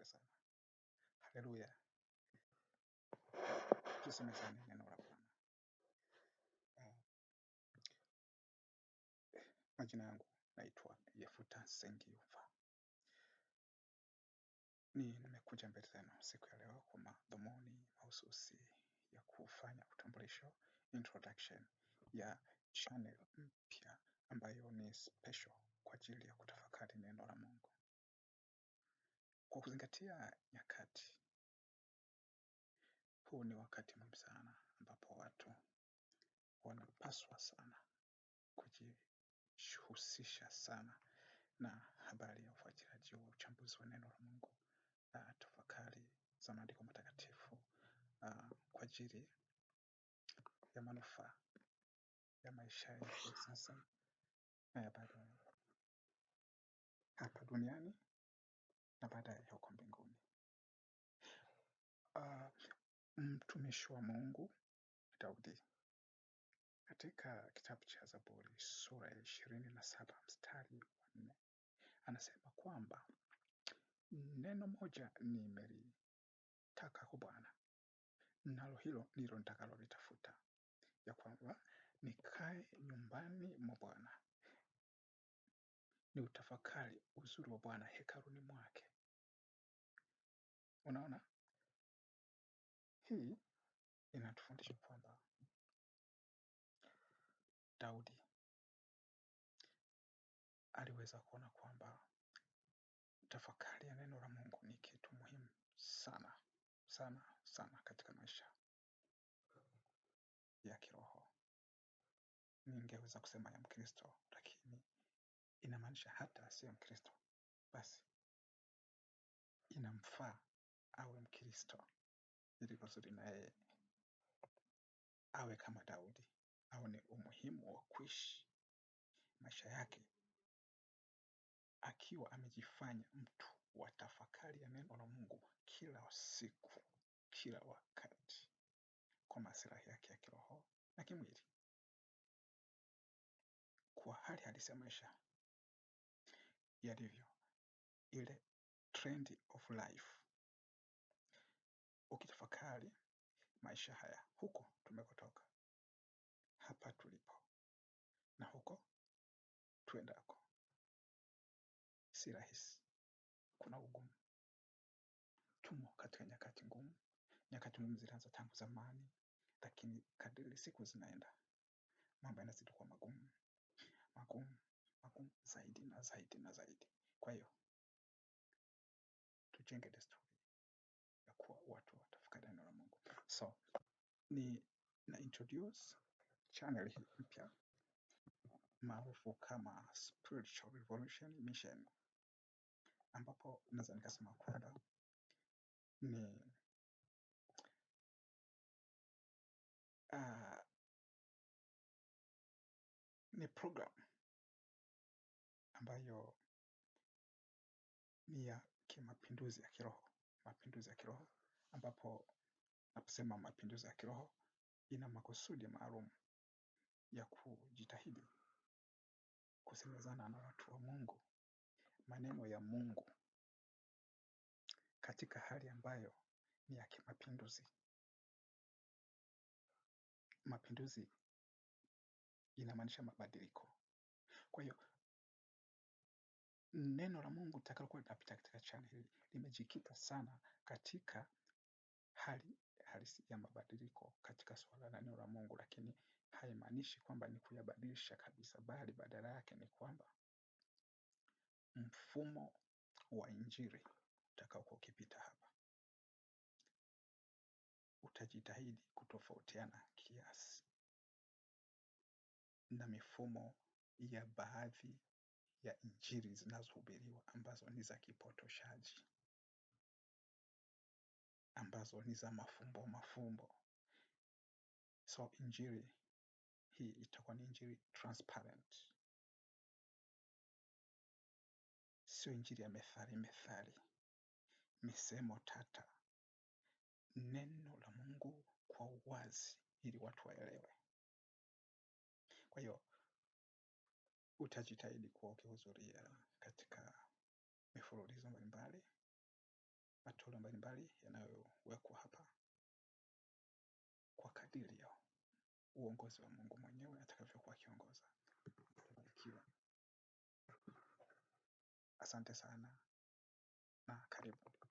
barikiwe sana. Haleluya, tusemezane neno la Bwana. Majina ah. yangu naitwa Yefuta Sengiuva, ni nimekuja mbele zenu siku ya leo kwa madhumuni mahususi ya kufanya utambulisho introduction ya channel mpya ambayo ni special kwa ajili ya kutafakari neno la Mungu. Kwa kuzingatia nyakati, huu ni wakati muhimu sana ambapo watu wanapaswa sana kujihusisha sana na habari ya ufuatiliaji wa uchambuzi wa neno la Mungu, tafakari za maandiko matakatifu ah, kwa ajili ya manufaa ya maisha yetu sasa na ya baadaye hapa duniani na baadaye ya huko mbinguni. Uh, mtumishi wa Mungu Daudi katika kitabu cha Zaburi sura ya ishirini na saba mstari wa nne anasema kwamba neno moja nimelitaka kwa Bwana, nalo hilo ndilo nitakalolitafuta, ya kwamba nikae nyumbani mwa Bwana ni utafakari uzuri wa Bwana hekaluni mwake. Unaona, hii inatufundisha kwamba Daudi aliweza kuona kwamba tafakari ya neno la Mungu ni kitu muhimu sana sana sana katika maisha ya kiroho. Ningeweza kusema ya Mkristo, lakini inamaanisha hata asiyo Mkristo basi inamfaa awe Mkristo ili kusudi na yeye awe kama Daudi, aone umuhimu wa kuishi maisha yake akiwa amejifanya mtu wa tafakari ya neno la Mungu kila siku, kila wakati, kwa maslahi yake ya kiroho na kimwili. Kwa hali halisi ya maisha yalivyo, ile trend of life. Ukitafakari maisha haya, huko tumekotoka, hapa tulipo na huko tuendako, si rahisi, kuna ugumu. Tumo katika nyakati ngumu. Nyakati ngumu zilianza tangu zamani, lakini kadiri siku zinaenda, mambo yanazidi kuwa magumu magumu magumu zaidi na zaidi na zaidi. Kwa hiyo, tujenge desturi ya kuwa watu watafika neno la Mungu. So, ni na introduce channel hii mpya maarufu kama Spiritual Revolution Mission ambapo naweza nikasema kwamba ni uh, ni program ambayo ni ya kimapinduzi ya kiroho, mapinduzi ya kiroho, ambapo naposema mapinduzi ya kiroho ina makusudi maalum ya kujitahidi kusemezana na watu wa Mungu, maneno ya Mungu katika hali ambayo ni ya kimapinduzi. Mapinduzi inamaanisha mabadiliko. Kwa hiyo neno la Mungu litakalokuwa linapita katika channel limejikita sana katika hali halisi ya mabadiliko katika suala la neno la Mungu, lakini haimaanishi kwamba ni kuyabadilisha kabisa, bali badala yake ni kwamba mfumo wa Injili utakaokuwa ukipita hapa utajitahidi kutofautiana kiasi na mifumo ya baadhi ya Injili zinazohubiriwa ambazo ni za kipotoshaji, ambazo ni za mafumbo mafumbo. So injili hii itakuwa ni injili transparent, sio injili ya methali methali, misemo tata, neno la Mungu kwa uwazi ili watu waelewe. Kwa hiyo utajitahidi kuwa ukihudhuria katika mifululizo mbalimbali, matoleo mbalimbali yanayowekwa hapa kwa kadiri ya uongozi wa Mungu mwenyewe atakavyokuwa akiongoza. Barikiwa. Asante sana na karibu.